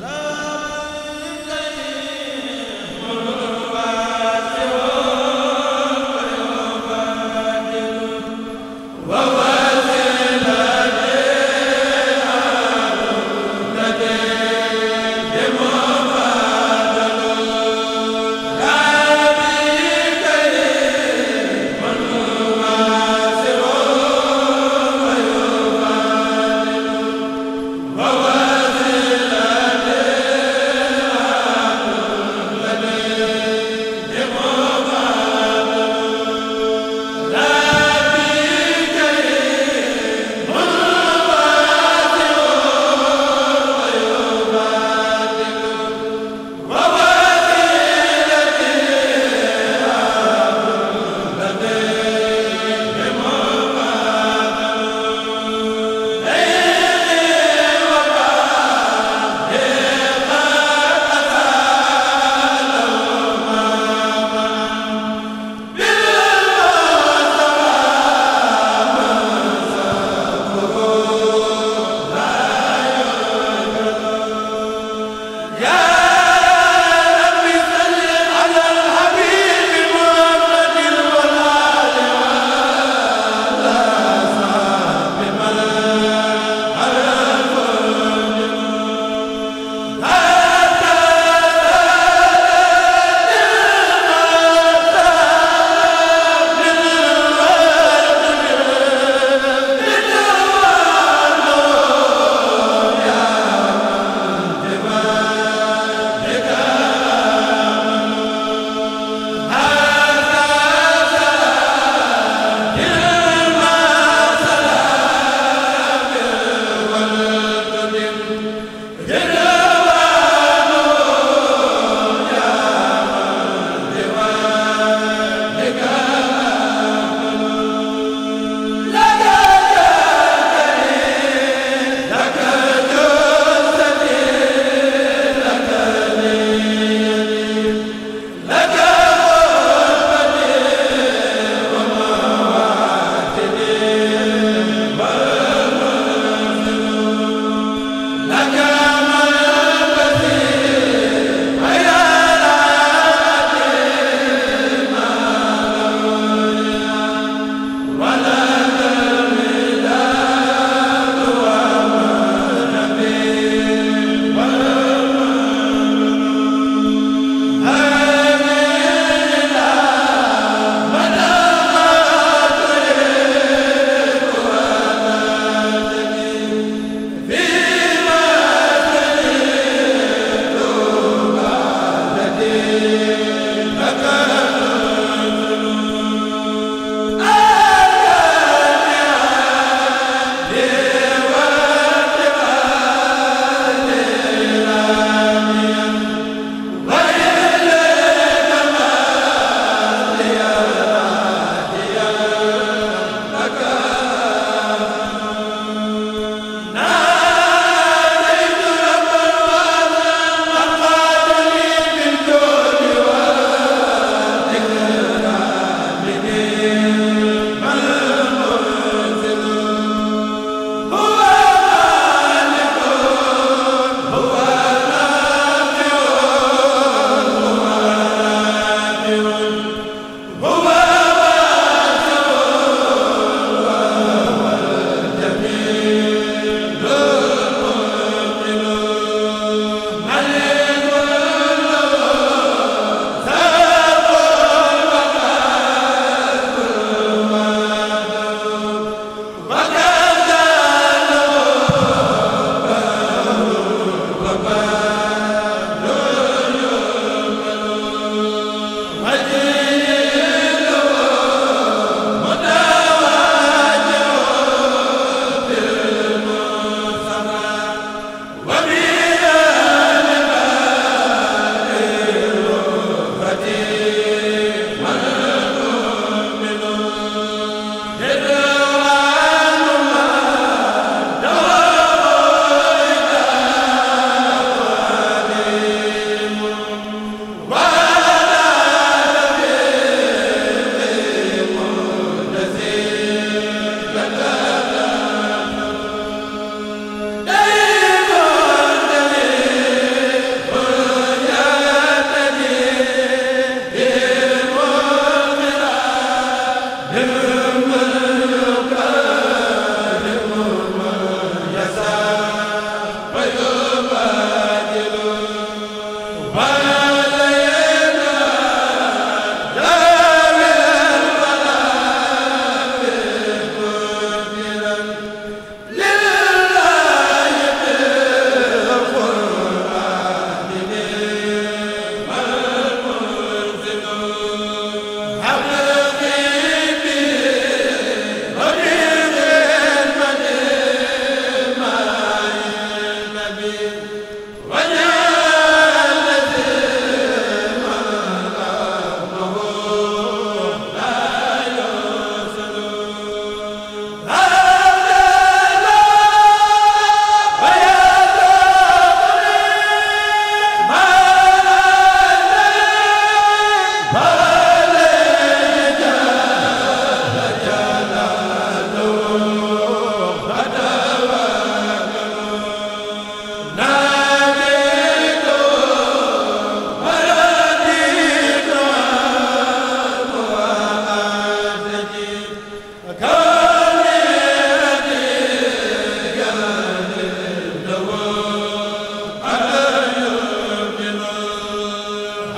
la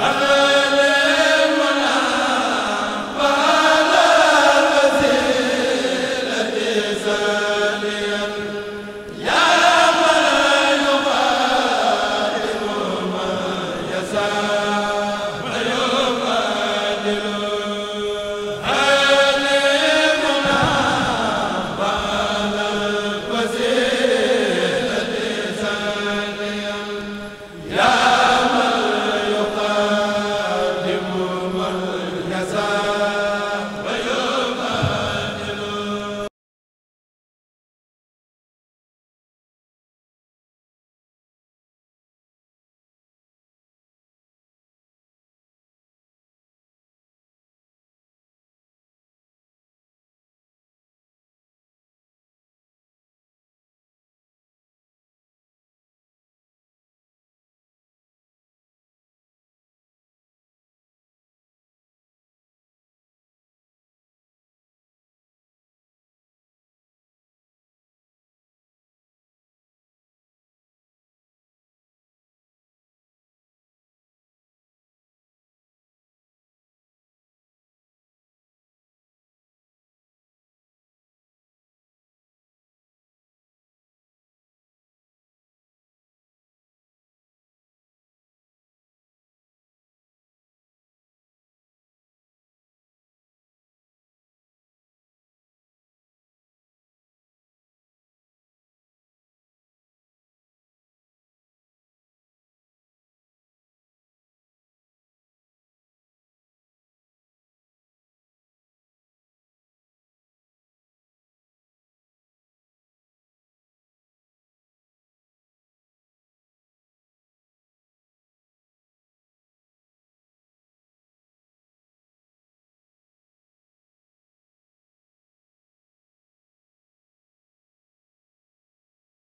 Amen. sa